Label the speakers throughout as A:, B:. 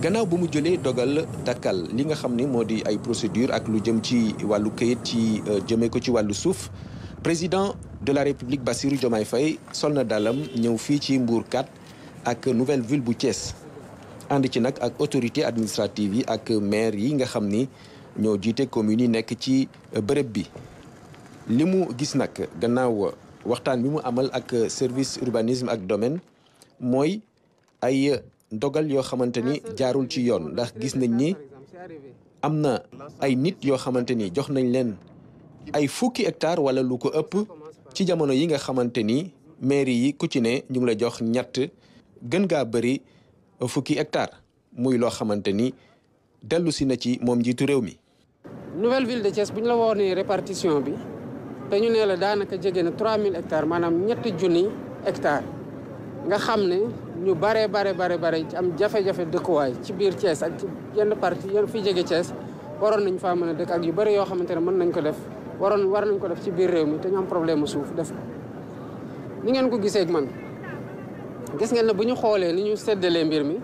A: gannaaw bi mu jëlee dogal dakkal li nga xam ni moo di ay procédure ak lu jëm ci wàllu këyit ci euh, jëmee ko ci wàllu suuf président de la république Bassirou Diomaye fay sol na dalam ñëw fii ci mbuur 4 ak nouvelle ville bu Thiès ànd ci nag ak autorité administrative yi ak maire yi nga xam ni ñoo jiite communes yi nekk ci euh, bërëb bi li mu gis nag gannaaw waxtaan bi mu amal ak service urbanisme ak domaine mooy ay dogal yoo xamante ni jaarul ci yoon ndax gis nañ ni am na ay nit yoo xamante ni jox nañ leen ay fukki hectare wala lu ko ëpp ci jamono yi nga xamante ni mairie yi ku ci ne ñu ngi la jox ñett gën gaa bëri fukki hectare muy loo xamante ni dellu na ci moom njiitu réew mi.
B: nouvelle ville de Thiès bu ñu la woonee répartition bi te ñu ne la daanaka jege na 3000 hectares maanaam ñetti junni hectares nga xam ne. ñu bare bare bare bare am jafe-jafe dëkkuwaay ci biir Thiès ak ci yenn parti yenn fi jege Thiès waroon nañ faa mën a dëkk ak yu bëri yoo xamante ne mën nañ ko def waroon war nañ ko def ci biir réew mi te ñu am problème mu suuf def ko ngeen ko gisee ak man gis ngeen ne bu ñu xoolee ni ñu seddalee mbir mi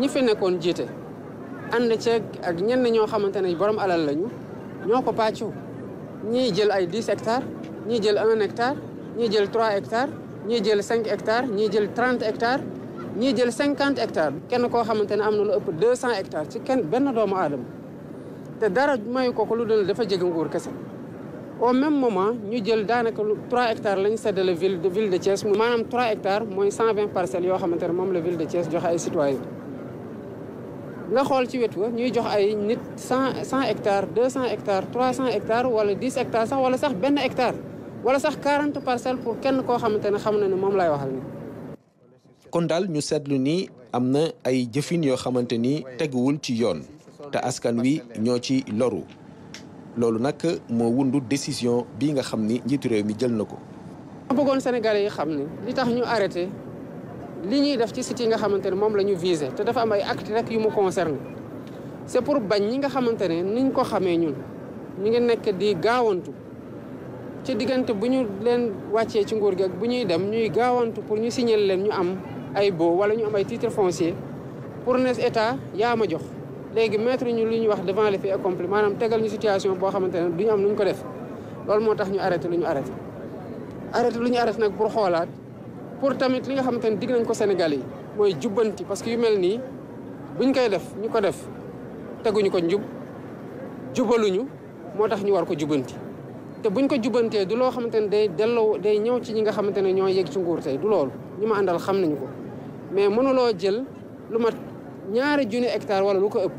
B: ñi fi nekkoon jiite ànd ceeg ak ñenn ñoo xamante ne borom alal lañu ñoo ko pàccu ñii jël ay 10 hectares ñii jël 1 hectare ñii jël 3 hectares ñii jël 5 hectares ñii jël 30 hectare ñu jël hectare hectares kenn koo xamante ne am na lu ëpp 200 hectares ci kenn benn doomu aadama te dara mayu ko ko lu dul dafa jege nguur kese. au même moment ñu jël daanaka lu 3 hectares lañ séddale ville de ville de Thiès mu maanaam 3 hectares mooy 120 parcelles yoo xamante ne moom la ville de Thiès joxe ay citoyens nga xool ci wet ñuy jox ay nit 100 100 hectares 200 hectares 300 hectares wala 10 hectares sax wala sax benn hectare. wala sax 40 parcelles pour kenn koo xamante ne xam na ne moom laay waxal ni
A: kon daal ñu seetlu ni am na ay jëfin yoo xamante ni teguwul ci yoon te askan wi ñoo ci loru loolu nag moo wundu décision bi nga xam ni njiitu réew mi jël na ko.
B: ma bëggoon Sénégalais yi xam ni li tax ñu arrêté li ñuy def ci sites yi nga xamante ne moom la ñu visé te dafa am ay actes nag yu mu concerné c'est pour bañ ñi nga xamante ne niñ ko xamee ñun ñu ngi nekk di gaawantu. ci diggante bu ñu leen wàccee ci nguur gi ak bu ñuy dem ñuy gaawantu pour ñu signaler leen ñu am ay bo wala ñu am ay titre foncier pour nes état yaa ma jox léegi maître ñu li ñu wax devant les faits accomplis maanaam tegal ñu situation boo xamante du ñu am nu ñu ko def loolu moo tax ñu arrêté lu ñu arrêté arrêté lu ñu arrêté nag pour xoolaat pour tamit li nga xamante dig nañ ko Sénégal yi mooy jubbanti parce que yu mel nii buñ koy def ñu ko def teguñu ko njub jubaluñu moo tax ñu war ko jubbanti te buñ ko jubbantee du loo xamante ne day delloo day ñëw ci ñi nga xamante ne ñoo yegg ci nguur tey du loolu ñu ma àndal xam nañu ko mais mënuloo jël lu mat ñaari junni hectare wala lu ko ëpp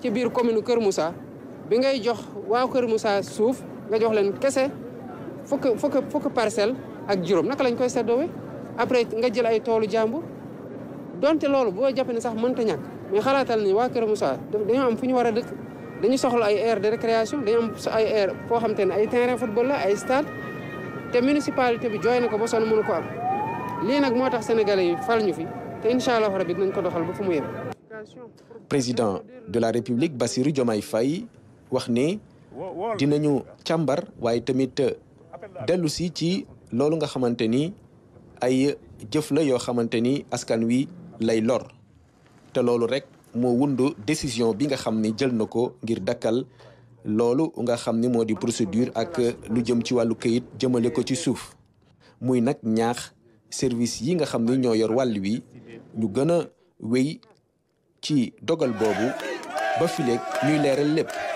B: ci biir commune Kër Moussa bi ngay jox waa Kër Moussa suuf nga jox leen kese fukk fukk fukk parcelle ak juróom naka lañ koy seddoowee après nga jël ay toolu jàmbur donte loolu boo jàpp ne sax mënta ñàkk mais xalaatal ni waa Kër Moussa dañoo am fu ñu war a dëkk dañu soxla ay aire de récréation dañu am ay aire foo xam te ne ay terrain football la ay stade te municipalité bi jooy na ko ba sonn mënu ko am lii nag moo tax sénégalais yi fal ñu fi te incha allah rabi dinañ ko doxal ba fu mu yem.
A: président de la république Bassirou Diomaye fay wax ni ne dinañu càmbar waaye tamit dellu si ci loolu nga xamante ni ay jëf la yoo xamante ni askan wi lay lor te loolu rek. moo wundu décision bi nga xam ni jël na ko ngir dakkal loolu nga xam ni moo di procédure ak lu jëm ci wàllu kayit jëmale ko ci suuf muy nag ñaax service yi nga xam ni ñoo yor wàll wi ñu gën a wéy ci dogal boobu ba fileeg ñuy leeral lépp